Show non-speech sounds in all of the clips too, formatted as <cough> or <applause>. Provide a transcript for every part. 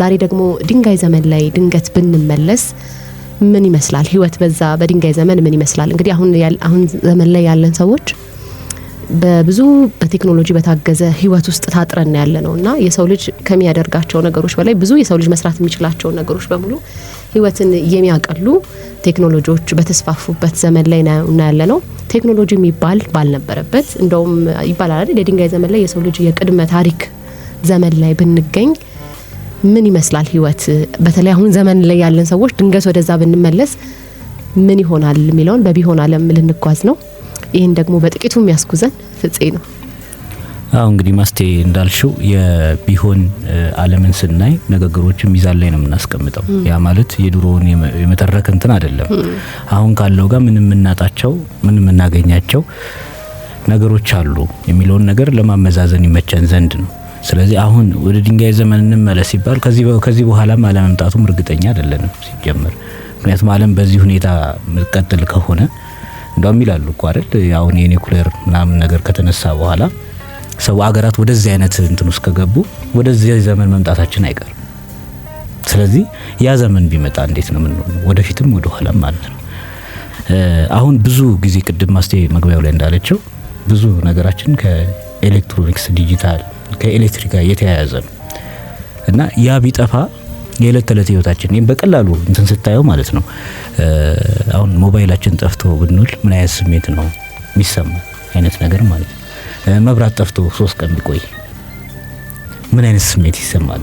ዛሬ ደግሞ ድንጋይ ዘመን ላይ ድንገት ብንመለስ ምን ይመስላል ህይወት በዛ በድንጋይ ዘመን ምን ይመስላል? እንግዲህ አሁን አሁን ዘመን ላይ ያለን ሰዎች በብዙ በቴክኖሎጂ በታገዘ ህይወት ውስጥ ታጥረን ያለ ነው እና የሰው ልጅ ከሚያደርጋቸው ነገሮች በላይ ብዙ የሰው ልጅ መስራት የሚችላቸውን ነገሮች በሙሉ ህይወትን የሚያቀሉ ቴክኖሎጂዎች በተስፋፉበት ዘመን ላይ እና ያለ ነው። ቴክኖሎጂ የሚባል ባልነበረበት እንደውም ይባላል የድንጋይ ዘመን ላይ የሰው ልጅ የቅድመ ታሪክ ዘመን ላይ ብንገኝ ምን ይመስላል ህይወት በተለይ አሁን ዘመን ላይ ያለን ሰዎች ድንገት ወደዛ ብንመለስ ምን ይሆናል የሚለውን በቢሆን አለም ልንጓዝ ነው። ይህን ደግሞ በጥቂቱ የሚያስጉዘን ፍፄ ነው። አሁ እንግዲህ ማስቴ እንዳልሽው የቢሆን አለምን ስናይ ንግግሮችን ሚዛን ላይ ነው የምናስቀምጠው። ያ ማለት የድሮውን የመተረክ እንትን አይደለም። አሁን ካለው ጋር ምን የምናጣቸው ምን የምናገኛቸው ነገሮች አሉ የሚለውን ነገር ለማመዛዘን ይመቸን ዘንድ ነው። ስለዚህ አሁን ወደ ድንጋይ ዘመን እንመለስ ሲባል ከዚህ በኋላም አለመምጣቱም እርግጠኛ አይደለንም ሲጀምር። ምክንያቱም ዓለም በዚህ ሁኔታ መቀጠል ከሆነ እንደውም ይላሉ እኮ አይደል አሁን የኒኩሌር ምናምን ነገር ከተነሳ በኋላ ሰው አገራት ወደዚህ አይነት እንትን ውስጥ ከገቡ ወደዚህ ዘመን መምጣታችን አይቀርም። ስለዚህ ያ ዘመን ቢመጣ እንዴት ነው የምንሆነው? ወደፊትም ወደ ማለት ነው። አሁን ብዙ ጊዜ ቅድም ማስቴ መግቢያው ላይ እንዳለችው ብዙ ነገራችን ከኤሌክትሮኒክስ ዲጂታል ከኤሌክትሪክ ጋር የተያያዘ ነው እና ያ ቢጠፋ የዕለት ተዕለት ህይወታችን ይህም በቀላሉ እንትን ስታየው ማለት ነው። አሁን ሞባይላችን ጠፍቶ ብንውል ምን አይነት ስሜት ነው የሚሰማ አይነት ነገር ማለት ነው። መብራት ጠፍቶ ሶስት ቀን ቢቆይ ምን አይነት ስሜት ይሰማል?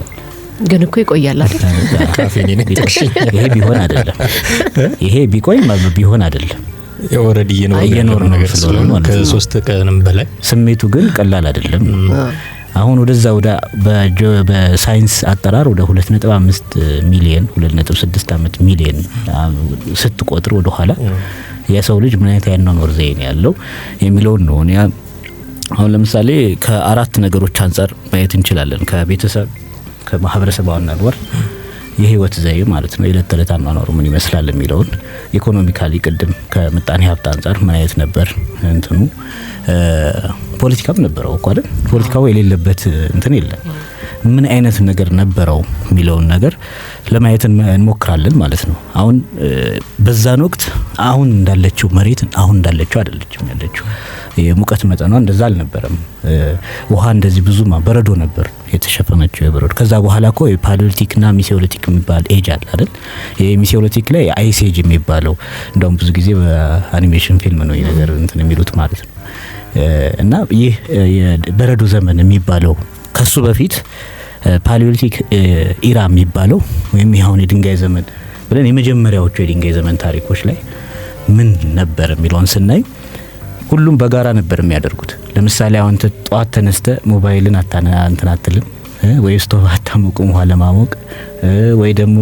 ግን እኮ ይቆያል ይሄ ቢሆን አይደለም ይሄ ቢቆይ ቢሆን አይደለም ኦልሬዲ እየኖረ ነገር ስለሆነ ከሶስት ቀንም በላይ ስሜቱ ግን ቀላል አይደለም። አሁን ወደዛ ወደ በሳይንስ አጠራር ወደ 2.5 ሚሊዮን 2.6 ሚሊዮን ሚሊየን ስትቆጥር ወደ ኋላ የሰው ልጅ ምን አይነት ያኗኗር ዘይቤ ያለው የሚለውን ነው። እኔ አሁን ለምሳሌ ከአራት ነገሮች አንጻር ማየት እንችላለን። ከቤተሰብ፣ ከማህበረሰብ አኗኗር የህይወት ዘዬ ማለት ነው የዕለት ተዕለት አኗኗሩ ምን ይመስላል የሚለውን ኢኮኖሚካሊ ቅድም ከምጣኔ ሀብት አንጻር ምን አይነት ነበር እንትኑ ፖለቲካም ነበረው እኮ አይደል? ፖለቲካው የሌለበት እንትን የለም። ምን አይነት ነገር ነበረው የሚለውን ነገር ለማየት እንሞክራለን ማለት ነው። አሁን በዛን ወቅት አሁን እንዳለችው መሬት አሁን እንዳለችው አይደለችም ያለችው የሙቀት መጠኗ እንደዛ አልነበረም። ውሃ እንደዚህ ብዙ በረዶ ነበር የተሸፈነችው የበረዶ ከዛ በኋላ ኮ የፓሊዮሊቲክና ሚሴዮሊቲክ የሚባል ኤጅ አለ አይደል? የሚሴዮሊቲክ ላይ አይስ ኤጅ የሚባለው እንደውም ብዙ ጊዜ በአኒሜሽን ፊልም ነው ነገር እንትን የሚሉት ማለት ነው። እና ይህ የበረዶ ዘመን የሚባለው ከሱ በፊት ፓሊዮሊቲክ ኢራ የሚባለው ወይም ይሁን የድንጋይ ዘመን ብለን የመጀመሪያዎቹ የድንጋይ ዘመን ታሪኮች ላይ ምን ነበር የሚለውን ስናይ ሁሉም በጋራ ነበር የሚያደርጉት። ለምሳሌ አሁን ጠዋት ተነስተ ሞባይልን እንትን አትልም ወይ ስቶቭ አታሞቅም ውሃ ለማሞቅ ወይ ደግሞ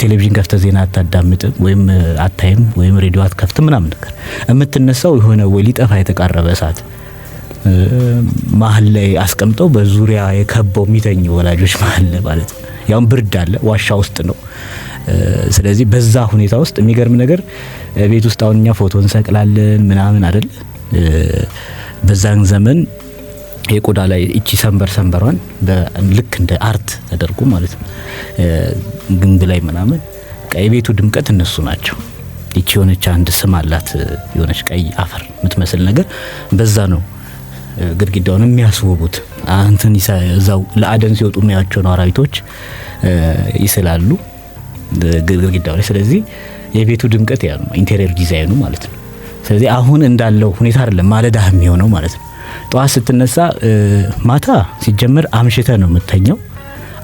ቴሌቪዥን ከፍተ ዜና አታዳምጥም ወይም አታይም ወይም ሬዲዮ አትከፍትም ምናምን ነገር የምትነሳው የሆነ ወይ ሊጠፋ የተቃረበ እሳት መሀል ላይ አስቀምጠው በዙሪያ የከበው የሚተኝ ወላጆች መሀል ማለት ነው። ያውም ብርድ አለ፣ ዋሻ ውስጥ ነው። ስለዚህ በዛ ሁኔታ ውስጥ የሚገርም ነገር ቤት ውስጥ አሁን እኛ ፎቶ እንሰቅላለን ምናምን አይደል በዛን ዘመን የቆዳ ላይ እቺ ሰንበር ሰንበሯን ልክ እንደ አርት ተደርጎ ማለት ነው ግንብ ላይ ምናምን የቤቱ ድምቀት እነሱ ናቸው። ይቺ የሆነች አንድ ስም አላት የሆነች ቀይ አፈር የምትመስል ነገር በዛ ነው ግድግዳውን የሚያስውቡት። አንትን እዛው ለአደን ሲወጡ የሚያቸውን አራዊቶች ይስላሉ ግድግዳው ላይ። ስለዚህ የቤቱ ድምቀት ያ ነው ኢንቴሪየር ዲዛይኑ ማለት ነው። ስለዚህ አሁን እንዳለው ሁኔታ አይደለም ማለዳህ የሚሆነው ማለት ነው። ጠዋት ስትነሳ ማታ ሲጀመር አምሽተ ነው የምተኘው።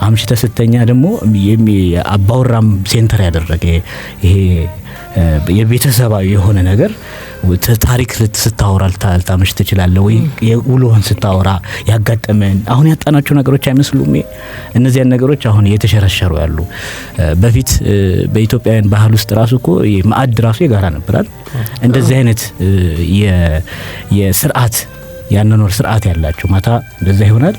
አምሽተ ስተኛ ደግሞ አባወራም ሴንተር ያደረገ ይሄ የቤተሰባዊ የሆነ ነገር ታሪክ ስታወራ ልታመሽ ትችላለ ወይ? የውሎህን ስታወራ ያጋጠመን አሁን ያጣናቸው ነገሮች አይመስሉም? እነዚያን ነገሮች አሁን እየተሸረሸሩ ያሉ። በፊት በኢትዮጵያውያን ባህል ውስጥ ራሱ እኮ ማዕድ ራሱ የጋራ ነበራል። እንደዚህ አይነት የስርዓት ያነኖር ስርዓት ያላቸው ማታ እንደዛ ይሆናል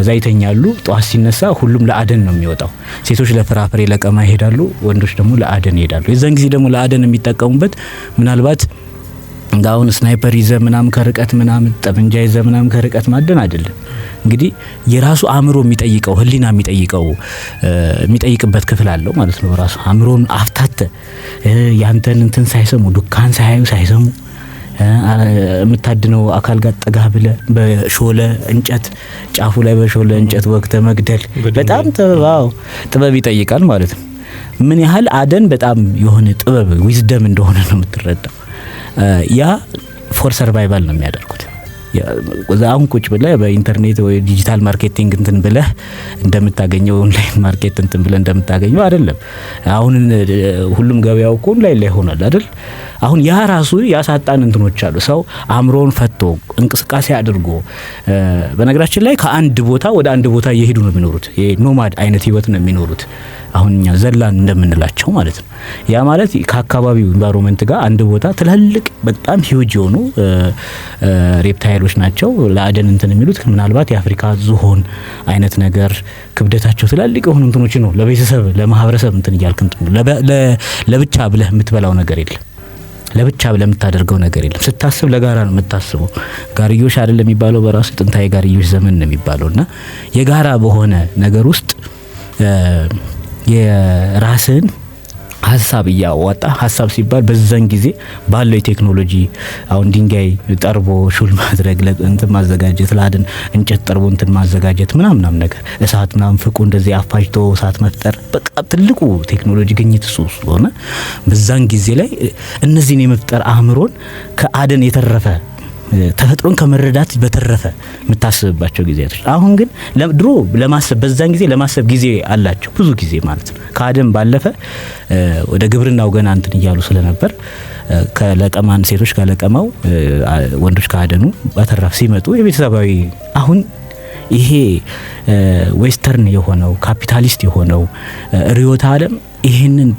ከዛ ይተኛሉ። ጠዋት ሲነሳ ሁሉም ለአደን ነው የሚወጣው። ሴቶች ለፍራፍሬ ለቀማ ይሄዳሉ፣ ወንዶች ደግሞ ለአደን ይሄዳሉ። የዛን ጊዜ ደግሞ ለአደን የሚጠቀሙበት ምናልባት አሁን ስናይፐር ይዘ ምናምን ከርቀት ምናምን ጠመንጃ ይዘ ምናምን ከርቀት ማደን አይደለም። እንግዲህ የራሱ አእምሮ የሚጠይቀው ህሊና የሚጠይቀው የሚጠይቅበት ክፍል አለው ማለት ነው። ራሱ አእምሮን አፍታተ ያንተን እንትን ሳይሰሙ ዱካን ሳያዩ ሳይሰሙ የምታድነው አካል ጋር ጠጋ ብለ በሾለ እንጨት ጫፉ ላይ በሾለ እንጨት ወቅተ መግደል በጣም ጥበብ ይጠይቃል ማለት ነው። ምን ያህል አደን በጣም የሆነ ጥበብ ዊዝደም እንደሆነ ነው የምትረዳው። ያ ፎር ሰርቫይቫል ነው የሚያደርጉት። አሁን ቁጭ ብለ በኢንተርኔት ወይ ዲጂታል ማርኬቲንግ እንትን ብለ እንደምታገኘው ኦንላይን ማርኬት እንትን ብለ እንደምታገኘው አይደለም። አሁን ሁሉም ገበያው እኮ ኦንላይን ላይ ሆኗል አይደል? አሁን ያ ራሱ ያሳጣን እንትኖች አሉ። ሰው አእምሮውን ፈቶ እንቅስቃሴ አድርጎ በነገራችን ላይ ከአንድ ቦታ ወደ አንድ ቦታ እየሄዱ ነው የሚኖሩት። ኖማድ አይነት ህይወት ነው የሚኖሩት። አሁን እኛ ዘላን እንደምንላቸው ማለት ነው። ያ ማለት ከአካባቢው ኢንቫይሮንመንት ጋር አንድ ቦታ ትላልቅ በጣም ሂውጅ የሆኑ ሬፕታይሎች ናቸው ለአደን እንትን የሚሉት ምናልባት የአፍሪካ ዝሆን አይነት ነገር ክብደታቸው ትላልቅ የሆኑ እንትኖች ነው። ለቤተሰብ ለማህበረሰብ እንትን እያልክ ለብቻ ብለህ የምትበላው ነገር የለም። ለብቻ ለምታደርገው የምታደርገው ነገር የለም። ስታስብ ለጋራ ነው የምታስበው። ጋርዮሽ አይደለም የሚባለው በራሱ ጥንታዊ ጋርዮሽ ዘመን ነው የሚባለው እና የጋራ በሆነ ነገር ውስጥ የራስህን ሀሳብ እያወጣ ሀሳብ ሲባል በዛን ጊዜ ባለው የቴክኖሎጂ አሁን ድንጋይ ጠርቦ ሹል ማድረግ እንትን ማዘጋጀት ላድን እንጨት ጠርቦ እንትን ማዘጋጀት ምናምናም ነገር እሳት ምናም ፍቁ እንደዚህ አፋጅቶ እሳት መፍጠር በቃ ትልቁ ቴክኖሎጂ ግኝት እሱ ስለሆነ በዛን ጊዜ ላይ እነዚህን የመፍጠር አእምሮን ከአደን የተረፈ ተፈጥሮን ከመረዳት በተረፈ የምታስብባቸው ጊዜያቶች። አሁን ግን ድሮ ለማሰብ በዛን ጊዜ ለማሰብ ጊዜ አላቸው ብዙ ጊዜ ማለት ነው። ከአደም ባለፈ ወደ ግብርናው ገና እንትን እያሉ ስለነበር ከለቀማን ሴቶች ከለቀማው ወንዶች ከአደኑ በተረፈ ሲመጡ የቤተሰባዊ አሁን ይሄ ዌስተርን የሆነው ካፒታሊስት የሆነው ርዕዮተ ዓለም ይህንን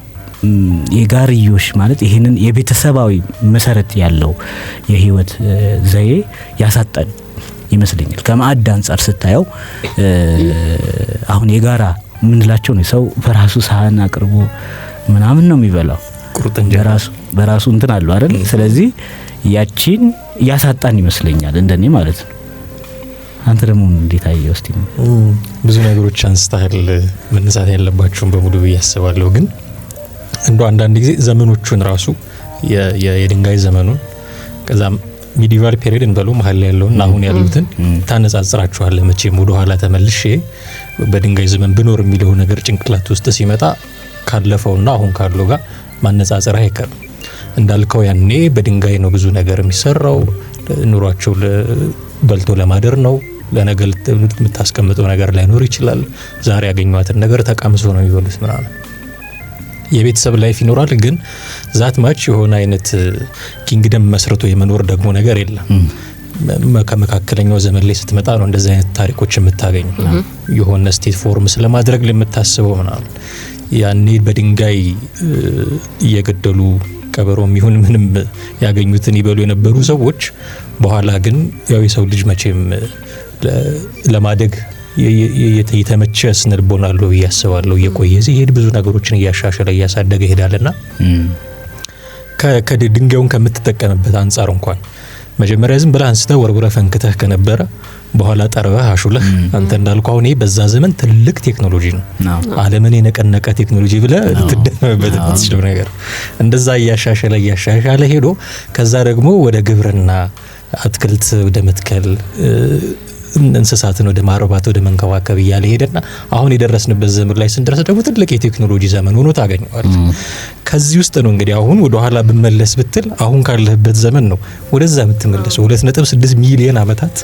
የጋርዮሽ ማለት ይህንን የቤተሰባዊ መሰረት ያለው የህይወት ዘዬ ያሳጣን ይመስለኛል። ከማዕድ አንጻር ስታየው አሁን የጋራ የምንላቸው ነው። ሰው በራሱ ሳህን አቅርቦ ምናምን ነው የሚበላው በራሱ እንትን አለው አይደል? ስለዚህ ያቺን ያሳጣን ይመስለኛል እንደኔ ማለት ነው። አንተ ደግሞ እንዴት አየው? እስቲ ብዙ ነገሮች አንስተሃል መነሳት ያለባቸውን በሙሉ ብዬ አስባለሁ ግን እንደ አንዳንድ ጊዜ ዘመኖቹን ራሱ የድንጋይ ዘመኑን ከዛም ሚዲቫል ፔሪድ እንበሉ መሀል ላይ ያለውን አሁን ያሉትን ታነጻጽራችኋለህ። መቼም ወደ ኋላ ተመልሼ በድንጋይ ዘመን ብኖር የሚለው ነገር ጭንቅላት ውስጥ ሲመጣ ካለፈውና አሁን ካለው ጋር ማነጻጸር አይቀርም። እንዳልከው ያኔ በድንጋይ ነው ብዙ ነገር የሚሰራው። ኑሯቸው በልቶ ለማደር ነው። ለነገ የምታስቀምጠው ነገር ላይኖር ይችላል። ዛሬ ያገኟትን ነገር ተቃምሶ ነው የሚበሉት ምናምን የቤተሰብ ላይፍ ይኖራል፣ ግን ዛት ማች የሆነ አይነት ኪንግደም መስርቶ የመኖር ደግሞ ነገር የለም። ከመካከለኛው ዘመን ላይ ስትመጣ ነው እንደዚህ አይነት ታሪኮች የምታገኙ። የሆነ ስቴት ፎርም ስለማድረግ ለምታስበው ምናምን ያኔ በድንጋይ እየገደሉ ቀበሮም ይሁን ምንም ያገኙትን ይበሉ የነበሩ ሰዎች በኋላ ግን ያው የሰው ልጅ መቼም ለማደግ የተመቸ ስነልቦና አለው ብዬ አስባለሁ። እየቆየ ሲሄድ ብዙ ነገሮችን እያሻሻለ እያሳደገ ይሄዳልና ድንጋዩን ከምትጠቀምበት አንጻር እንኳን መጀመሪያ ዝም ብለህ አንስተህ ወርውረህ ፈንክተህ ከነበረ በኋላ ጠርበህ አሹለህ አንተ እንዳልኩ አሁን በዛ ዘመን ትልቅ ቴክኖሎጂ ነው። ዓለምን የነቀነቀ ቴክኖሎጂ ብለህ ልትደመምበት የምትችለው ነገር እንደዛ እያሻሸለ እያሻሻለ ሄዶ ከዛ ደግሞ ወደ ግብርና አትክልት ወደ መትከል እንስሳትን ወደ ማረባት ወደ መንከባከብ እያለ ሄደና አሁን የደረስንበት ዘመን ላይ ስንደረስ ደግሞ ትልቅ የቴክኖሎጂ ዘመን ሆኖ ታገኘዋል። ከዚህ ውስጥ ነው እንግዲህ አሁን ወደ ኋላ ብመለስ ብትል አሁን ካለህበት ዘመን ነው ወደዛ የምትመለሰው። ሁለት ነጥብ ስድስት ሚሊዮን ዓመታት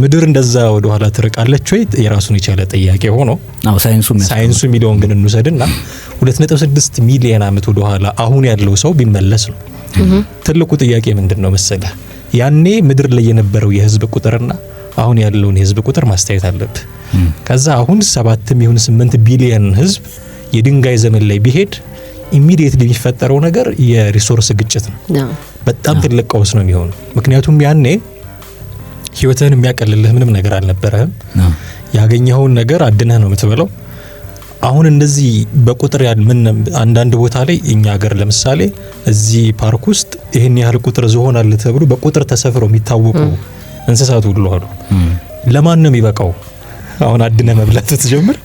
ምድር እንደዛ ወደ ኋላ ትርቃለች ወይ? የራሱን የቻለ ጥያቄ ሆኖ ሳይንሱ ሚሊዮን ግን እንውሰድና ሁለት ነጥብ ስድስት ሚሊዮን ዓመት ወደ ኋላ አሁን ያለው ሰው ቢመለስ ነው ትልቁ ጥያቄ ምንድን ነው መሰለህ? ያኔ ምድር ላይ የነበረው የህዝብ ቁጥርና አሁን ያለውን የህዝብ ቁጥር ማስተያየት አለብ። ከዛ አሁን ሰባትም ይሁን ስምንት ቢሊየን ህዝብ የድንጋይ ዘመን ላይ ቢሄድ ኢሚዲየት የሚፈጠረው ነገር የሪሶርስ ግጭት ነው። በጣም ትልቅ ቀውስ ነው የሚሆኑ። ምክንያቱም ያኔ ህይወትህን የሚያቀልልህ ምንም ነገር አልነበረህም። ያገኘኸውን ነገር አድነህ ነው የምትበለው። አሁን እንደዚህ በቁጥር ያህል ምን አንዳንድ ቦታ ላይ እኛ ሀገር ለምሳሌ እዚህ ፓርክ ውስጥ ይህን ያህል ቁጥር ዝሆን አለ ተብሎ በቁጥር ተሰፍረው የሚታወቁ እንስሳት ሁሉ አሉ። ለማን ነው የሚበቃው? አሁን አድነ መብላት ስትጀምር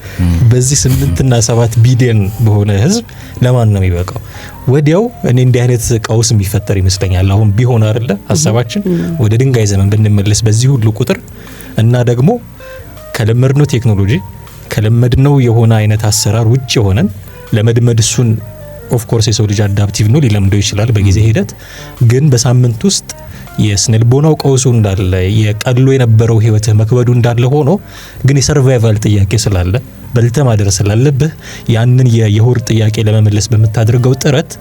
በዚህ ስምንትና ሰባት ቢሊዮን በሆነ ህዝብ ለማን ነው የሚበቃው? ወዲያው እኔ እንዲህ አይነት ቀውስ የሚፈጠር ይመስለኛል። አሁን ቢሆን አይደለ ሀሳባችን ወደ ድንጋይ ዘመን ብንመለስ በዚህ ሁሉ ቁጥር እና ደግሞ ከለመድነው ቴክኖሎጂ ከለመድነው የሆነ አይነት አሰራር ውጭ የሆነን ለመድመድ እሱን ኦፍ ኮርስ የሰው ልጅ አዳፕቲቭ ነው፣ ሊለምደው ይችላል በጊዜ ሂደት። ግን በሳምንት ውስጥ የስነልቦናው ቀውሱ እንዳለ የቀሎ የነበረው ህይወትህ መክበዱ እንዳለ ሆኖ ግን የሰርቫይቫል ጥያቄ ስላለ በልተ ማደር ስላለብህ ያንን የሆድ ጥያቄ ለመመለስ በምታደርገው ጥረት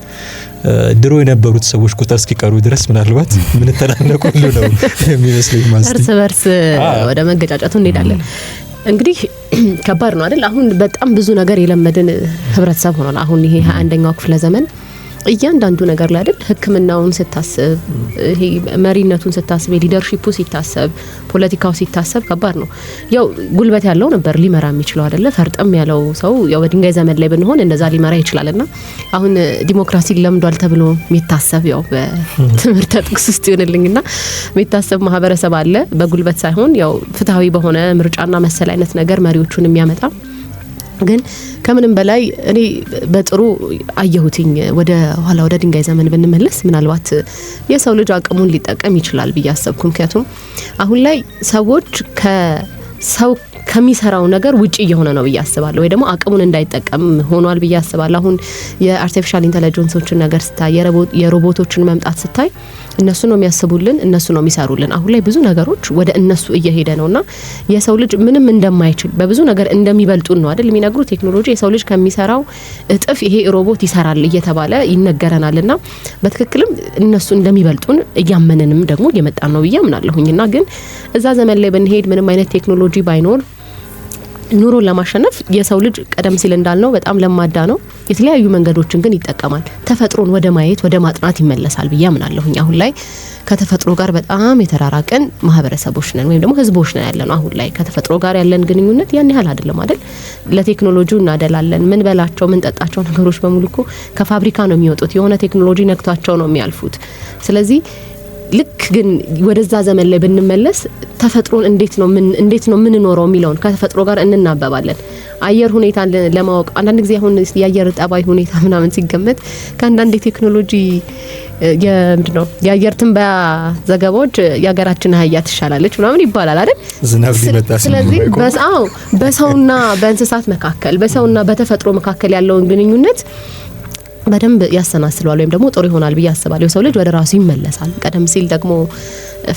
ድሮ የነበሩት ሰዎች ቁጥር እስኪቀሩ ድረስ ምናልባት ምንተናነቁሉ ነው የሚመስለኝ። ማስ እርስ በርስ ወደ መገጫጨቱ እንሄዳለን። እንግዲህ <clears throat> ከባድ ነው አይደል? አሁን በጣም ብዙ ነገር የለመድን ህብረተሰብ ሆኗል። አሁን ይሄ ሀያ አንደኛው ክፍለ ዘመን እያንዳንዱ ነገር ላይ አይደል ህክምናውን ስታስብ ይሄ መሪነቱን ስታስብ የሊደርሺፑ ሲታሰብ ፖለቲካው ሲታሰብ ከባድ ነው። ያው ጉልበት ያለው ነበር ሊመራ የሚችለው አይደለ ፈርጠም ያለው ሰው ያው በድንጋይ ዘመን ላይ ብንሆን እንደዛ ሊመራ ይችላልና አሁን ዲሞክራሲ ለምዷል ተብሎ የሚታሰብ ያው በትምህርት ጥቅስ ውስጥ ይሆንልኝና የሚታሰብ ማህበረሰብ አለ በጉልበት ሳይሆን ያው ፍትሐዊ በሆነ ምርጫና መሰል አይነት ነገር መሪዎቹን የሚያመጣ ግን ከምንም በላይ እኔ በጥሩ አየሁትኝ። ወደ ኋላ ወደ ድንጋይ ዘመን ብንመለስ ምናልባት የሰው ልጅ አቅሙን ሊጠቀም ይችላል ብዬ አሰብኩ። ምክንያቱም አሁን ላይ ሰዎች ከሰው ከሚሰራው ነገር ውጭ እየሆነ ነው ብዬ አስባለሁ። ወይ ደግሞ አቅሙን እንዳይጠቀም ሆኗል ብዬ አስባለሁ። አሁን የአርቲፊሻል ኢንተለጀንሶችን ነገር ስታይ የሮቦቶችን መምጣት ስታይ እነሱ ነው የሚያስቡልን፣ እነሱ ነው የሚሰሩልን። አሁን ላይ ብዙ ነገሮች ወደ እነሱ እየሄደ ነውና የሰው ልጅ ምንም እንደማይችል በብዙ ነገር እንደሚበልጡን ነው አይደል የሚነግሩ። ቴክኖሎጂ የሰው ልጅ ከሚሰራው እጥፍ ይሄ ሮቦት ይሰራል እየተባለ ይነገረናልና በትክክልም እነሱ እንደሚበልጡን እያመንንም ደግሞ እየመጣን ነው ብዬ አምናለሁኝና ግን እዛ ዘመን ላይ ብንሄድ ምንም አይነት ቴክኖሎጂ ባይኖር ኑሮን ለማሸነፍ የሰው ልጅ ቀደም ሲል እንዳልነው በጣም ለማዳ ነው። የተለያዩ መንገዶችን ግን ይጠቀማል። ተፈጥሮን ወደ ማየት ወደ ማጥናት ይመለሳል ብዬ አምናለሁኝ። አሁን ላይ ከተፈጥሮ ጋር በጣም የተራራቀን ማህበረሰቦች ነን ወይም ደግሞ ህዝቦች ነን ያለ አሁን ላይ ከተፈጥሮ ጋር ያለን ግንኙነት ያን ያህል አይደለም አይደል? ለቴክኖሎጂ እናደላለን። ምን በላቸው ምን ጠጣቸው ነገሮች በሙሉ እኮ ከፋብሪካ ነው የሚወጡት። የሆነ ቴክኖሎጂ ነክቷቸው ነው የሚያልፉት። ስለዚህ ልክ ግን ወደዛ ዘመን ላይ ብንመለስ ተፈጥሮን እንዴት ነው ምን እንዴት ነው የምንኖረው የሚለውን ከተፈጥሮ ጋር እንናበባለን። አየር ሁኔታ ለማወቅ አንዳንድ ጊዜ አሁን የአየር ጠባይ ሁኔታ <laughs> ምናምን ሲገመት ከአንዳንድ የቴክኖሎጂ የምንድን ነው የአየር ትንበያ ዘገባዎች የሀገራችን አህያ ትሻላለች ምናምን ይባላል አይደል? ዝናብ ሊመጣ ስለዚህ በሰው በሰውና በእንስሳት መካከል በሰውና በተፈጥሮ መካከል ያለውን ግንኙነት በደንብ ያሰናስለዋል ወይም ደግሞ ጥሩ ይሆናል ብዬ አስባለሁ። የሰው ልጅ ወደ ራሱ ይመለሳል። ቀደም ሲል ደግሞ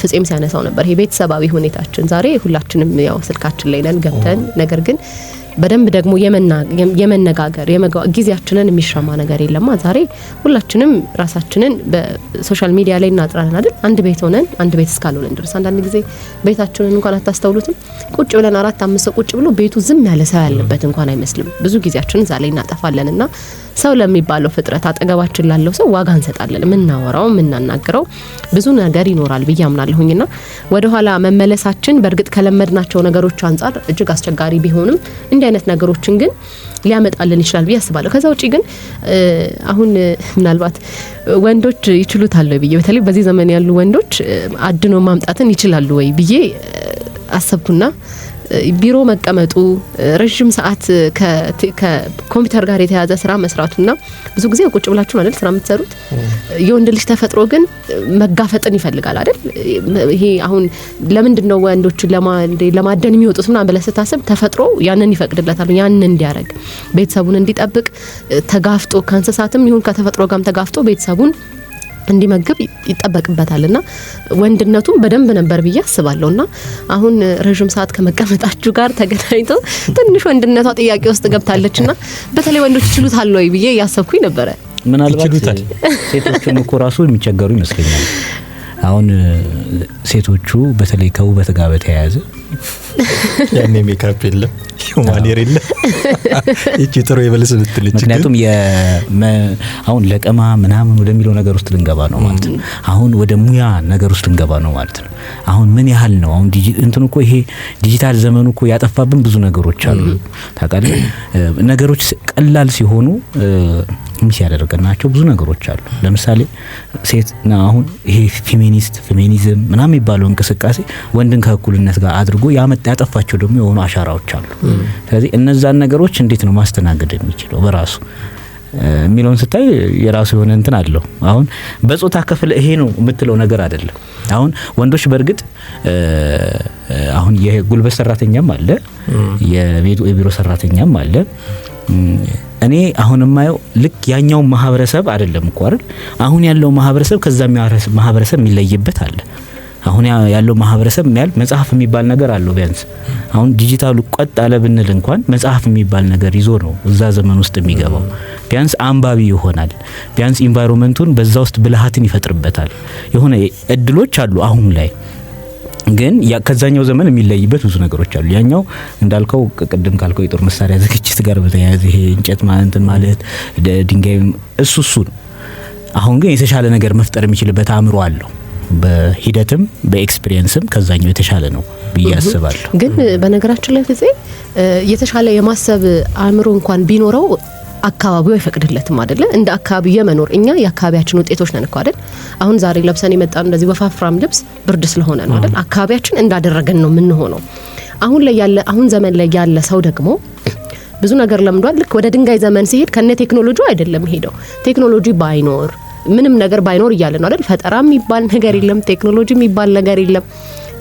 ፍፄም ሲያነሳው ነበር ይሄ ቤተሰባዊ ሁኔታችን። ዛሬ ሁላችንም ያው ስልካችን ላይ ነን ገብተን፣ ነገር ግን በደንብ ደግሞ የመነጋገር ጊዜያችንን የሚሻማ ነገር የለማ። ዛሬ ሁላችንም ራሳችንን በሶሻል ሚዲያ ላይ እናጥራለን አይደል? አንድ ቤት ሆነን አንድ ቤት እስካልሆነን ድረስ አንዳንድ ጊዜ ቤታችንን እንኳን አታስተውሉትም። ቁጭ ብለን አራት አምስት ሰው ቁጭ ብሎ ቤቱ ዝም ያለ ሰው ያለበት እንኳን አይመስልም። ብዙ ጊዜያችንን እዛ ላይ እናጠፋለን እና ሰው ለሚባለው ፍጥረት አጠገባችን ላለው ሰው ዋጋ እንሰጣለን። የምናወራው የምናናግረው ብዙ ነገር ይኖራል ብዬ አምናለሁኝ ና ወደኋላ መመለሳችን በእርግጥ ከለመድናቸው ነገሮች አንጻር እጅግ አስቸጋሪ ቢሆንም እንዲህ አይነት ነገሮችን ግን ሊያመጣልን ይችላል ብዬ አስባለሁ። ከዛ ውጪ ግን አሁን ምናልባት ወንዶች ይችሉታል ብዬ በተለይ በዚህ ዘመን ያሉ ወንዶች አድኖ ማምጣትን ይችላሉ ወይ ብዬ አሰብኩና ቢሮ መቀመጡ ረዥም ሰዓት ከኮምፒውተር ጋር የተያዘ ስራ መስራቱና ብዙ ጊዜ ቁጭ ብላችሁ አይደል ስራ የምትሰሩት። የወንድ ልጅ ተፈጥሮ ግን መጋፈጥን ይፈልጋል አይደል? ይሄ አሁን ለምንድን ነው ወንዶችን ለማደን የሚወጡት ምናምን ብለህ ስታስብ ተፈጥሮ ያንን ይፈቅድለታል። ያንን እንዲያደርግ ቤተሰቡን እንዲጠብቅ ተጋፍጦ ከእንስሳትም ይሁን ከተፈጥሮ ጋርም ተጋፍጦ ቤተሰቡን እንዲመግብ ይጠበቅበታል እና ወንድነቱም በደንብ ነበር ብዬ አስባለሁ። እና አሁን ረዥም ሰዓት ከመቀመጣችሁ ጋር ተገናኝቶ ትንሽ ወንድነቷ ጥያቄ ውስጥ ገብታለች እና በተለይ ወንዶች ይችሉታል ወይ ብዬ እያሰብኩኝ ነበረ። ምናልባት ሴቶቹም እኮ ራሱ የሚቸገሩ ይመስለኛል። አሁን ሴቶቹ በተለይ ከውበት ጋር በተያያዘ <laughs> ያኔ ሜካፕ የለም፣ ማኔር የለም። <laughs> ይቺ ጥሩ የበለስ ምትልች ምክንያቱም አሁን ለቀማ ምናምን ወደሚለው ነገር ውስጥ ልንገባ ነው ማለት ነው። አሁን ወደ ሙያ ነገር ውስጥ ልንገባ ነው ማለት ነው። አሁን ምን ያህል ነው አሁን እንትን እኮ ይሄ ዲጂታል ዘመኑ እኮ ያጠፋብን ብዙ ነገሮች አሉ። ታቃለ ነገሮች ቀላል ሲሆኑ ሚስ ያደረገናቸው ብዙ ነገሮች አሉ። ለምሳሌ ሴት አሁን ይሄ ፌሚኒስት ፌሚኒዝም ምናምን የሚባለው እንቅስቃሴ ወንድን ከእኩልነት ጋር አድርጎ ያመጣ ያጠፋቸው ደግሞ የሆኑ አሻራዎች አሉ። ስለዚህ እነዛን ነገሮች እንዴት ነው ማስተናገድ የሚችለው በራሱ የሚለውን ስታይ የራሱ የሆነ እንትን አለው። አሁን በጾታ ክፍል ይሄ ነው የምትለው ነገር አይደለም። አሁን ወንዶች በእርግጥ አሁን የጉልበት ሰራተኛም አለ፣ የቢሮ ሰራተኛም አለ እኔ አሁን የማየው ልክ ያኛው ማህበረሰብ አይደለም እኮ አይደል? አሁን ያለው ማህበረሰብ ከዛ ማህበረሰብ የሚለይበት አለ። አሁን ያለው ማህበረሰብ የሚያል መጽሐፍ የሚባል ነገር አለው። ቢያንስ አሁን ዲጂታሉ ቆጥ አለ ብንል እንኳን መጽሐፍ የሚባል ነገር ይዞ ነው እዛ ዘመን ውስጥ የሚገባው። ቢያንስ አንባቢ ይሆናል። ቢያንስ ኢንቫይሮንመንቱን በዛ ውስጥ ብልሃትን ይፈጥርበታል። የሆነ እድሎች አሉ አሁን ላይ ግን ከዛኛው ዘመን የሚለይበት ብዙ ነገሮች አሉ። ያኛው እንዳልከው ቅድም ካልከው የጦር መሳሪያ ዝግጅት ጋር በተያያዘ ይሄ እንጨት እንትን ማለት ድንጋይ እሱ እሱ ነው። አሁን ግን የተሻለ ነገር መፍጠር የሚችልበት አእምሮ አለው። በሂደትም በኤክስፒሪየንስም ከዛኛው የተሻለ ነው ብዬ አስባለሁ። ግን በነገራችን ላይ ጊዜ የተሻለ የማሰብ አእምሮ እንኳን ቢኖረው አካባቢው አይፈቅድለትም አይደለ? እንደ አካባቢ የመኖር እኛ የአካባቢያችን ውጤቶች ነን እኮ አይደል? አሁን ዛሬ ለብሰን የመጣን እንደዚህ በፋፍራም ልብስ ብርድ ስለሆነ ነው አይደል? አካባቢያችን እንዳደረገን ነው የምንሆነው። አሁን ላይ ያለ አሁን ዘመን ላይ ያለ ሰው ደግሞ ብዙ ነገር ለምዷል። ልክ ወደ ድንጋይ ዘመን ሲሄድ ከነ ቴክኖሎጂ አይደለም ሄደው ቴክኖሎጂ ባይኖር ምንም ነገር ባይኖር እያለ ነው አይደል? ፈጠራ የሚባል ነገር የለም፣ ቴክኖሎጂ የሚባል ነገር የለም።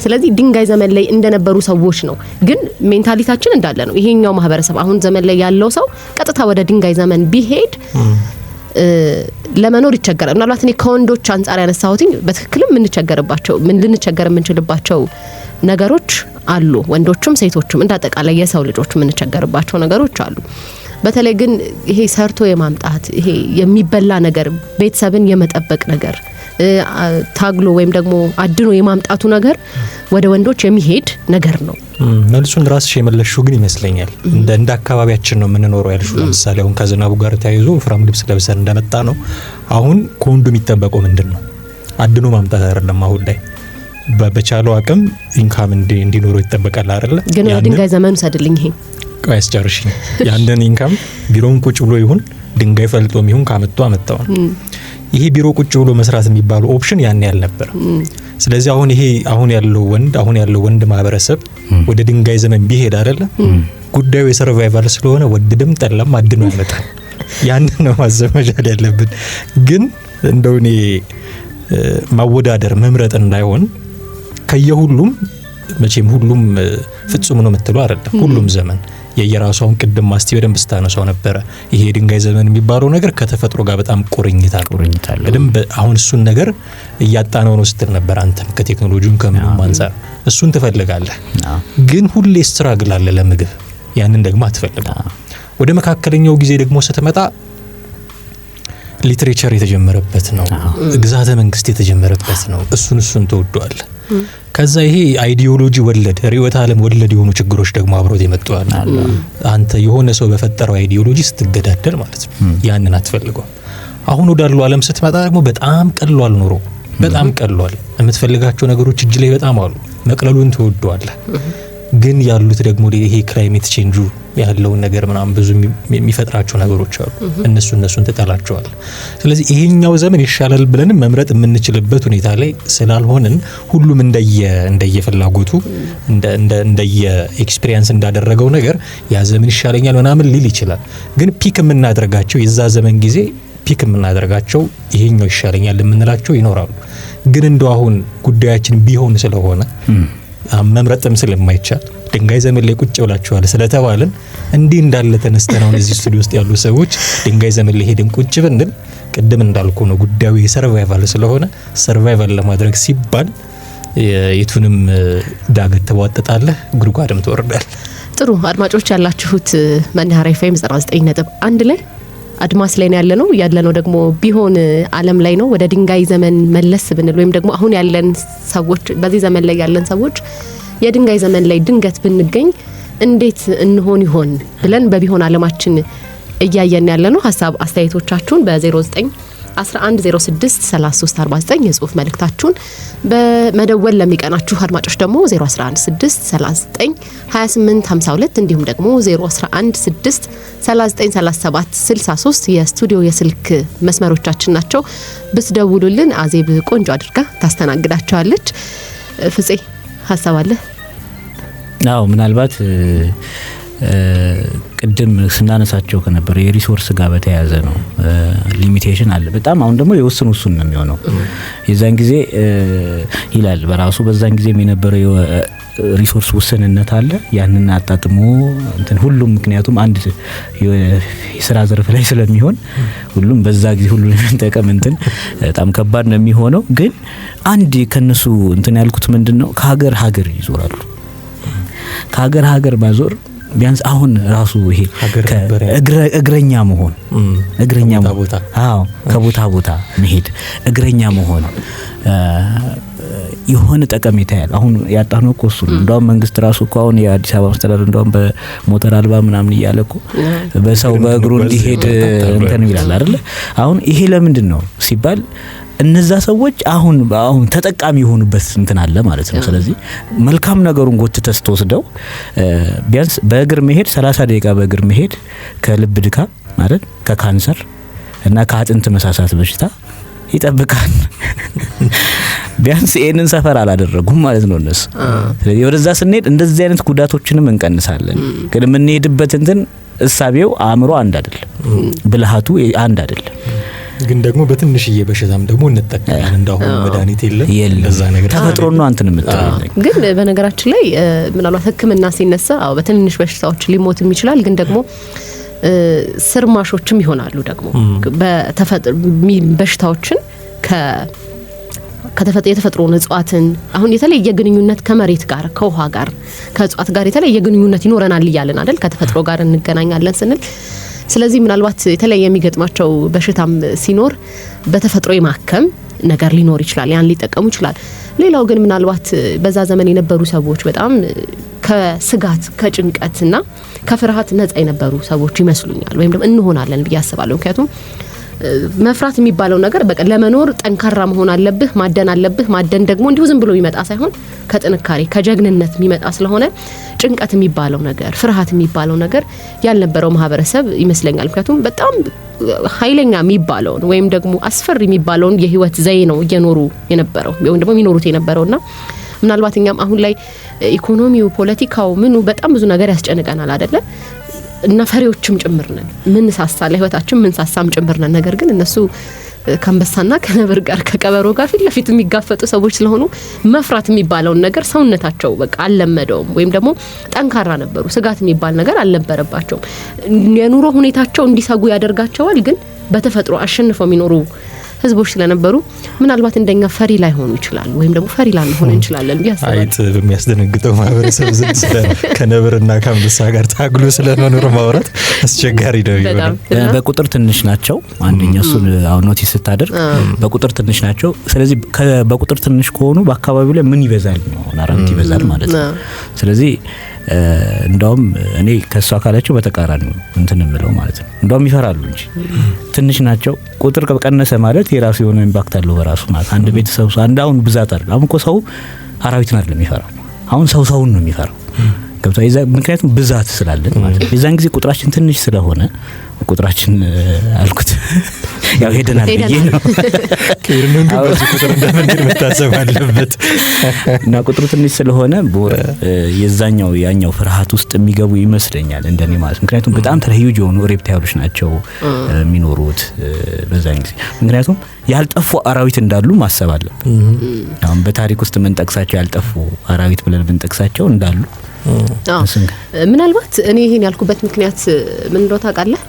ስለዚህ ድንጋይ ዘመን ላይ እንደነበሩ ሰዎች ነው። ግን ሜንታሊታችን እንዳለ ነው። ይሄኛው ማህበረሰብ አሁን ዘመን ላይ ያለው ሰው ቀጥታ ወደ ድንጋይ ዘመን ቢሄድ ለመኖር ይቸገራል። ምናልባት እኔ ከወንዶች አንጻር ያነሳሁትኝ በትክክልም የምንቸገርባቸው ምን ልንቸገር የምንችልባቸው ነገሮች አሉ። ወንዶችም ሴቶችም እንዳጠቃላይ አጠቃላይ የሰው ልጆች የምንቸገርባቸው ነገሮች አሉ። በተለይ ግን ይሄ ሰርቶ የማምጣት ይሄ የሚበላ ነገር ቤተሰብን የመጠበቅ ነገር ታግሎ ወይም ደግሞ አድኖ የማምጣቱ ነገር ወደ ወንዶች የሚሄድ ነገር ነው። መልሱን ራስሽ የመለሹ ግን ይመስለኛል። እንደ አካባቢያችን ነው የምንኖረው ያልሹ። ለምሳሌ አሁን ከዝናቡ ጋር ተያይዞ ፍራም ልብስ ለብሰን እንደመጣ ነው። አሁን ከወንዱ የሚጠበቀው ምንድን ነው? አድኖ ማምጣት አይደለም አሁን ላይ በቻለው አቅም ኢንካም እንዲኖረው ይጠበቃል አይደለ? ግን ድንጋይ ዘመኑ ሰድልኝ ይሄ በቃ ያስጨርሽኝ። ያንደን ኢንካም ቢሮውን ቁጭ ብሎ ይሁን ድንጋይ ፈልጦም ይሁን ካመጡ አመጣውን። ይሄ ቢሮ ቁጭ ብሎ መስራት የሚባለው ኦፕሽን ያል ነበር። ስለዚህ አሁን ይሄ አሁን ያለው ወንድ አሁን ያለው ወንድ ማህበረሰብ ወደ ድንጋይ ዘመን ቢሄድ አይደለ ጉዳዩ የሰርቫይቫል ስለሆነ ወደድም ጠላም አድኖ ያመጣል። ያን ነው ማዘመጃል ያለብን። ግን እንደው እኔ ማወዳደር መምረጥ እንዳይሆን ከየሁሉም መቼም ሁሉም ፍጹም ነው የምትለው አይደለም። ሁሉም ዘመን የየራሷን ቅድም ማስቲ በደንብ ስታነሳው ነበረ። ይሄ የድንጋይ ዘመን የሚባለው ነገር ከተፈጥሮ ጋር በጣም ቁርኝታ አለ። በደንብ አሁን እሱን ነገር እያጣነው ነው ስትል ነበር አንተም ከቴክኖሎጂውም ከምንም አንጻር እሱን ትፈልጋለህ፣ ግን ሁሌ ስትራግል አለ ለምግብ ያንን ደግሞ አትፈልግም። ወደ መካከለኛው ጊዜ ደግሞ ስትመጣ ሊትሬቸር የተጀመረበት ነው፣ ግዛተ መንግስት የተጀመረበት ነው። እሱን እሱን ተወዷል። ከዛ ይሄ አይዲዮሎጂ ወለድ ርዕዮተ ዓለም ወለድ የሆኑ ችግሮች ደግሞ አብሮት የመጡዋል። አንተ የሆነ ሰው በፈጠረው አይዲዮሎጂ ስትገዳደል ማለት ነው። ያንን አትፈልገው። አሁን ወዳሉ ዓለም ስትመጣ ደግሞ በጣም ቀሏል ኑሮ በጣም ቀሏል። የምትፈልጋቸው ነገሮች እጅ ላይ በጣም አሉ። መቅለሉን ትወደዋለህ። ግን ያሉት ደግሞ ይሄ ክላይሜት ቼንጁ ያለውን ነገር ምናምን ብዙ የሚፈጥራቸው ነገሮች አሉ። እነሱ እነሱን ትጠላቸዋል። ስለዚህ ይሄኛው ዘመን ይሻላል ብለን መምረጥ የምንችልበት ሁኔታ ላይ ስላልሆንን ሁሉም እንደየ እንደየፍላጎቱ እንደየ ኤክስፒሪየንስ እንዳደረገው ነገር ያ ዘመን ይሻለኛል ምናምን ሊል ይችላል። ግን ፒክ የምናደርጋቸው የዛ ዘመን ጊዜ ፒክ የምናደርጋቸው ይሄኛው ይሻለኛል የምንላቸው ይኖራሉ። ግን እንደው አሁን ጉዳያችን ቢሆን ስለሆነ መምረጥም ስለማይቻል ድንጋይ ዘመን ላይ ቁጭ ብላችኋል ስለተባልን እንዲህ እንዳለ ተነስተን አሁን እዚህ ስቱዲዮ ውስጥ ያሉ ሰዎች ድንጋይ ዘመን ላይ ሄድን ቁጭ ብንል ቅድም እንዳልኩ ነው ጉዳዩ የሰርቫይቫል ስለሆነ ሰርቫይቫል ለማድረግ ሲባል የቱንም ዳገት ትቧጥጣለህ፣ ጉድጓድም ትወርዳል። ጥሩ አድማጮች ያላችሁት መናኸሪያ ኤፍ ኤም 99 ላይ አድማስ ላይ ነው ያለነው። ያለነው ደግሞ ቢሆን ዓለም ላይ ነው። ወደ ድንጋይ ዘመን መለስ ብንል ወይም ደግሞ አሁን ያለን ሰዎች በዚህ ዘመን ላይ ያለን ሰዎች የድንጋይ ዘመን ላይ ድንገት ብንገኝ እንዴት እንሆን ይሆን ብለን በቢሆን ዓለማችን እያየን ያለ ነው። ሀሳብ አስተያየቶቻችሁን በ09 3349 የጽሁፍ መልእክታችሁን በመደወል ለሚቀናችሁ አድማጮች ደግሞ 0116392852 እንዲሁም ደግሞ 0116393763 የስቱዲዮ የስልክ መስመሮቻችን ናቸው። ብትደውሉልን አዜብ ቆንጆ አድርጋ ታስተናግዳቸዋለች። ፍፄ ሀሳብ አለ? አዎ ምናልባት ቅድም ስናነሳቸው ከነበረ የሪሶርስ ጋር በተያያዘ ነው። ሊሚቴሽን አለ በጣም አሁን ደግሞ የውስን ውሱን ነው የሚሆነው። የዛን ጊዜ ይላል በራሱ በዛን ጊዜም የነበረ ሪሶርስ ውስንነት አለ። ያንን አጣጥሞ እንትን ሁሉም ምክንያቱም አንድ የስራ ዘርፍ ላይ ስለሚሆን ሁሉም በዛ ጊዜ ሁሉ የምንጠቀም እንትን በጣም ከባድ ነው የሚሆነው። ግን አንድ ከነሱ እንትን ያልኩት ምንድን ነው ከሀገር ሀገር ይዞራሉ። ከሀገር ሀገር ማዞር ቢያንስ አሁን ራሱ ይሄ እግረኛ መሆን እግረኛ አዎ ከቦታ ቦታ መሄድ እግረኛ መሆን የሆነ ጠቀሜታ ያለ አሁን ያጣነው እኮ እሱ ነው። እንደውም መንግስት ራሱ እኮ አሁን የአዲስ አበባ መስተዳደር እንደውም በሞተር አልባ ምናምን እያለ እኮ በሰው በእግሩ እንዲሄድ እንትን ይላል አይደለ? አሁን ይሄ ለምንድን ነው ሲባል እነዛ ሰዎች አሁን አሁን ተጠቃሚ የሆኑበት እንትን አለ ማለት ነው። ስለዚህ መልካም ነገሩን ጎትተህ ስትወስደው ቢያንስ በእግር መሄድ 30 ደቂቃ በእግር መሄድ ከልብ ድካም ማለት ከካንሰር እና ከአጥንት መሳሳት በሽታ ይጠብቃል። <laughs> ቢያንስ ይህንን ሰፈር አላደረጉም ማለት ነው እነሱ። ስለዚህ ወደዛ ስንሄድ እንደዚህ አይነት ጉዳቶችንም እንቀንሳለን። ግን የምንሄድበት እንትን እሳቤው አእምሮ አንድ አይደለም፣ ብልሃቱ አንድ አይደለም። ግን ደግሞ በትንሽዬ በሽታም ደግሞ እንጠቀማለን። እንዳሁኑ መድኃኒት የለም ለዛ ነገር ተፈጥሮ ነው አንተን የምትለው። ግን በነገራችን ላይ ምናልባት ሕክምና ሲነሳ አዎ በትንሽ በሽታዎች ሊሞትም ይችላል ግን ደግሞ ስርማሾችም ይሆናሉ ደግሞ በሽታዎችን የተፈጥሮ እጽዋትን አሁን የተለየ ግንኙነት ከመሬት ጋር ከውሃ ጋር ከእጽዋት ጋር የተለየ ግንኙነት ይኖረናል እያለን አይደል? ከተፈጥሮ ጋር እንገናኛለን ስንል ስለዚህ ምናልባት የተለያየ የሚገጥማቸው በሽታም ሲኖር በተፈጥሮ የማከም ነገር ሊኖር ይችላል። ያን ሊጠቀሙ ይችላል። ሌላው ግን ምናልባት በዛ ዘመን የነበሩ ሰዎች በጣም ከስጋት ከጭንቀትና ከፍርሃት ነጻ የነበሩ ሰዎች ይመስሉኛል፣ ወይም ደግሞ እንሆናለን ብዬ አስባለሁ። ምክንያቱም መፍራት የሚባለው ነገር በቃ ለመኖር ጠንካራ መሆን አለብህ፣ ማደን አለብህ። ማደን ደግሞ እንዲሁ ዝም ብሎ የሚመጣ ሳይሆን ከጥንካሬ ከጀግንነት የሚመጣ ስለሆነ ጭንቀት የሚባለው ነገር ፍርሃት የሚባለው ነገር ያልነበረው ማህበረሰብ ይመስለኛል። ምክንያቱም በጣም ኃይለኛ የሚባለውን ወይም ደግሞ አስፈሪ የሚባለውን የህይወት ዘዬ ነው እየኖሩ የነበረው ወይም ደግሞ የሚኖሩት የነበረው ና ምናልባት እኛም አሁን ላይ ኢኮኖሚው፣ ፖለቲካው፣ ምኑ በጣም ብዙ ነገር ያስጨንቀናል አይደለ? እና ፈሪዎችም ጭምር ነን። ምን ሳሳ ለህይወታችን ምን ሳሳም ጭምር ነን። ነገር ግን እነሱ ከአንበሳና ከነብር ጋር ከቀበሮ ጋር ፊት ለፊት የሚጋፈጡ ሰዎች ስለሆኑ መፍራት የሚባለውን ነገር ሰውነታቸው በቃ አልለመደውም፣ ወይም ደግሞ ጠንካራ ነበሩ። ስጋት የሚባል ነገር አልነበረባቸውም። የኑሮ ሁኔታቸው እንዲሰጉ ያደርጋቸዋል። ግን በተፈጥሮ አሸንፈው የሚኖሩ ህዝቦች ስለነበሩ ምናልባት እንደኛ ፈሪ ሆኑ ይችላሉ፣ ወይም ደግሞ ፈሪ ሆኑ እንችላለን አይጥ በሚያስደነግጠው ማህበረሰብ ዘንድ ከነብርና ከአንበሳ ጋር ታግሎ ስለመኖር ማውራት አስቸጋሪ ነው የሚሆነው። በቁጥር ትንሽ ናቸው። አንደኛ እሱን አሁን ኖቲስ ስታደርግ በቁጥር ትንሽ ናቸው። ስለዚህ በቁጥር ትንሽ ከሆኑ በአካባቢው ላይ ምን ይበዛል ነው አረብት ይበዛል ማለት ነው። ስለዚህ እንደውም እኔ ከእሷ ካለችው በተቃራኒው እንትን የምለው ማለት ነው። እንደውም ይፈራሉ እንጂ ትንሽ ናቸው። ቁጥር ቀነሰ ማለት የራሱ የሆነ ኢምፓክት አለው በራሱ ማለት አንድ ቤተሰብ አንድ አሁን ብዛት አለ። አሁን እኮ ሰው አራዊትን አይደለም የሚፈራው። አሁን ሰው ሰውን ነው የሚፈራው ገብቷል። ምክንያቱም ብዛት ስላለን ማለት ነው። የዛን ጊዜ ቁጥራችን ትንሽ ስለሆነ ቁጥራችን አልኩት <laughs> ያው ሄደናል ብዬ ነው። በዚህ <laughs> ቁጥር እንደምንድን መታሰብ አለበት <laughs> እና ቁጥሩ ትንሽ ስለሆነ የዛኛው ያኛው ፍርሃት ውስጥ የሚገቡ ይመስለኛል እንደኔ ማለት ምክንያቱም በጣም ተለዩጅ የሆኑ ሬፕታይሎች ናቸው የሚኖሩት በዛን ጊዜ ምክንያቱም ያልጠፉ አራዊት እንዳሉ ማሰብ አለብን። አሁን በታሪክ ውስጥ የምንጠቅሳቸው ያልጠፉ አራዊት ብለን የምንጠቅሳቸው እንዳሉ ምናልባት እኔ ይሄን ያልኩበት ምክንያት ምን እንደው ታውቃለህ፣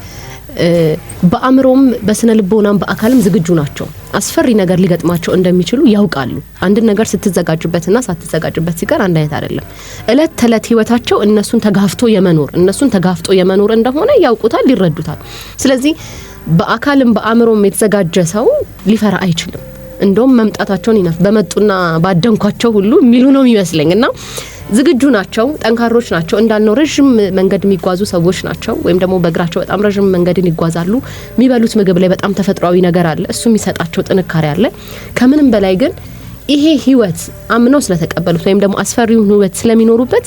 በአእምሮም በስነ ልቦናም በአካልም ዝግጁ ናቸው። አስፈሪ ነገር ሊገጥማቸው እንደሚችሉ ያውቃሉ። አንድን ነገር ስትዘጋጅበትና ሳትዘጋጅበት ሲቀር አንድ አይነት አይደለም። እለት ተዕለት ህይወታቸው እነሱን ተጋፍቶ የመኖር እነሱን ተጋፍቶ የመኖር እንደሆነ ያውቁታል፣ ይረዱታል። ስለዚህ በአካልም በአእምሮም የተዘጋጀ ሰው ሊፈራ አይችልም። እንደውም መምጣታቸውን ይነፍ በመጡና ባደንኳቸው ሁሉ የሚሉ ነው ይመስለኝ እና ዝግጁ ናቸው፣ ጠንካሮች ናቸው እንዳልነው ረዥም መንገድ የሚጓዙ ሰዎች ናቸው። ወይም ደግሞ በእግራቸው በጣም ረዥም መንገድን ይጓዛሉ። የሚበሉት ምግብ ላይ በጣም ተፈጥሯዊ ነገር አለ፣ እሱ የሚሰጣቸው ጥንካሬ አለ። ከምንም በላይ ግን ይሄ ህይወት አምነው ስለተቀበሉት ወይም ደግሞ አስፈሪውን ህይወት ስለሚኖሩበት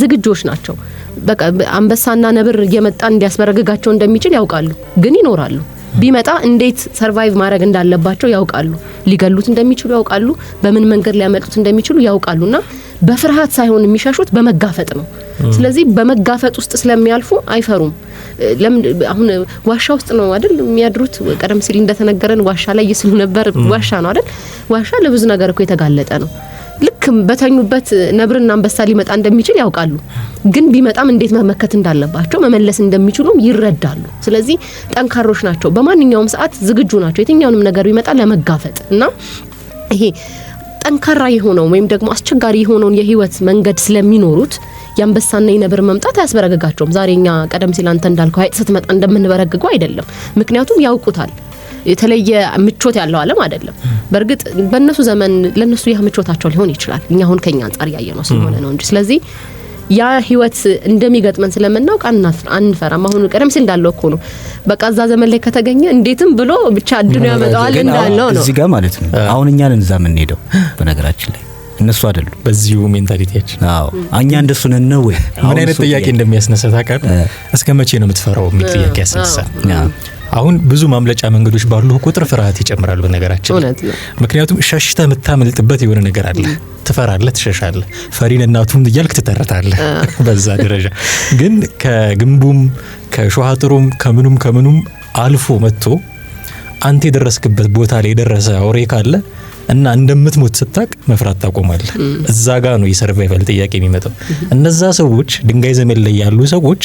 ዝግጆች ናቸው። በቃ አንበሳና ነብር እየመጣን እንዲያስበረግጋቸው እንደሚችል ያውቃሉ፣ ግን ይኖራሉ። ቢመጣ እንዴት ሰርቫይቭ ማድረግ እንዳለባቸው ያውቃሉ። ሊገሉት እንደሚችሉ ያውቃሉ። በምን መንገድ ሊያመልጡት እንደሚችሉ ያውቃሉና በፍርሃት ሳይሆን የሚሸሹት በመጋፈጥ ነው። ስለዚህ በመጋፈጥ ውስጥ ስለሚያልፉ አይፈሩም። አሁን ዋሻ ውስጥ ነው አይደል የሚያድሩት? ቀደም ሲል እንደተነገረን ዋሻ ላይ ይስሉ ነበር። ዋሻ ነው አይደል? ዋሻ ለብዙ ነገር እኮ የተጋለጠ ነው። ልክ በተኙበት ነብርና አንበሳ ሊመጣ እንደሚችል ያውቃሉ። ግን ቢመጣም እንዴት መመከት እንዳለባቸው መመለስ እንደሚችሉም ይረዳሉ። ስለዚህ ጠንካሮች ናቸው። በማንኛውም ሰዓት ዝግጁ ናቸው። የትኛውንም ነገር ቢመጣ ለመጋፈጥ እና ይሄ ጠንካራ የሆነው ወይም ደግሞ አስቸጋሪ የሆነውን የህይወት መንገድ ስለሚኖሩት የአንበሳና የነብር መምጣት አያስበረግጋቸውም። ዛሬ እኛ ቀደም ሲል አንተ እንዳልከው ሀይቅ ስትመጣ እንደምንበረግገው አይደለም። ምክንያቱም ያውቁታል። የተለየ ምቾት ያለው ዓለም አይደለም። በእርግጥ በእነሱ ዘመን ለእነሱ ያ ምቾታቸው ሊሆን ይችላል። እኛ አሁን ከኛ አንጻር እያየ ነው ስለሆነ ነው እንጂ ስለዚህ ያ ህይወት እንደሚገጥመን ስለምናውቅ አንፈራም። አሁኑ ቀደም ሲል እንዳለው እኮ ነው። በቃ እዛ ዘመን ላይ ከተገኘ እንዴትም ብሎ ብቻ አድኖ ያመጣዋል እንዳለው ነው። እዚህ ጋር ማለት ነው። አሁን እኛ ነን እዛ የምንሄደው በነገራችን ላይ እነሱ አይደሉ። በዚሁ ሜንታሊቲያችን አዎ፣ እኛ እንደሱ ነን ነው ወይ? ምን አይነት ጥያቄ እንደሚያስነሳ ታውቃለህ? እስከ መቼ ነው የምትፈራው የሚል ጥያቄ ያስነሳል። አሁን ብዙ ማምለጫ መንገዶች ባሉ ቁጥር ፍርሃት ይጨምራል። በነገራችን ምክንያቱም ሸሽተ የምታመልጥበት የሆነ ነገር አለ። ትፈራለ፣ ትሸሻለ፣ ፈሪን እናቱም እያልክ ትተርታለህ። <laughs> በዛ ደረጃ ግን ከግንቡም ከሾሃ ጥሩም ከምኑም ከምኑም አልፎ መጥቶ አንተ የደረስክበት ቦታ ላይ የደረሰ አውሬ ካለ እና እንደምትሞት ስታቅ መፍራት ታቆማለህ። እዛ ጋ ነው የሰርቫይቫል ጥያቄ የሚመጣው። እነዛ ሰዎች ድንጋይ ዘመን ላይ ያሉ ሰዎች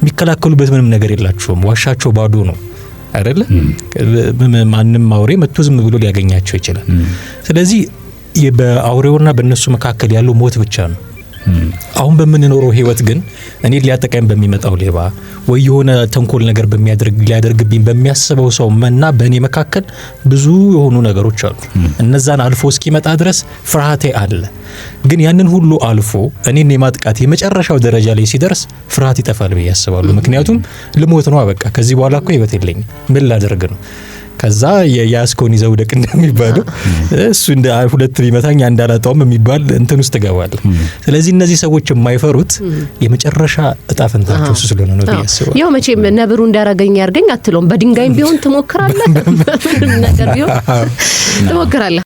የሚከላከሉበት ምንም ነገር የላቸውም። ዋሻቸው ባዶ ነው አይደለ? ማንም አውሬ መጥቶ ዝም ብሎ ሊያገኛቸው ይችላል። ስለዚህ በአውሬውና በእነሱ መካከል ያለው ሞት ብቻ ነው። አሁን በምንኖረው ህይወት ግን እኔ ሊያጠቃኝ በሚመጣው ሌባ ወይ የሆነ ተንኮል ነገር በሚያደርግ ሊያደርግብኝ በሚያስበው ሰው መና በእኔ መካከል ብዙ የሆኑ ነገሮች አሉ። እነዛን አልፎ እስኪመጣ ድረስ ፍርሃቴ አለ። ግን ያንን ሁሉ አልፎ እኔን የማጥቃት የመጨረሻው ደረጃ ላይ ሲደርስ ፍርሃት ይጠፋል ብዬ ምክንያቱም ልሞት ነው፣ በቃ ከዚህ በኋላ እኮ ህይወት የለኝም፣ ምን ላደርግ ነው ከዛ የያስኮን ይዘው ደቅ እንደሚባለው እሱ እንደ ሁለት ቢመታኝ አንድ አላጣውም የሚባል እንትን ውስጥ ትገባል። ስለዚህ እነዚህ ሰዎች የማይፈሩት የመጨረሻ እጣ ፈንታቸው እሱ ስለሆነ ነው ብዬ አስባለሁ። ያው መቼም ነብሩ እንዳረገኝ ያርገኝ አትለውም። በድንጋይም ቢሆን ትሞክራለህ፣ <laughs> ነገር ቢሆን ትሞክራለህ።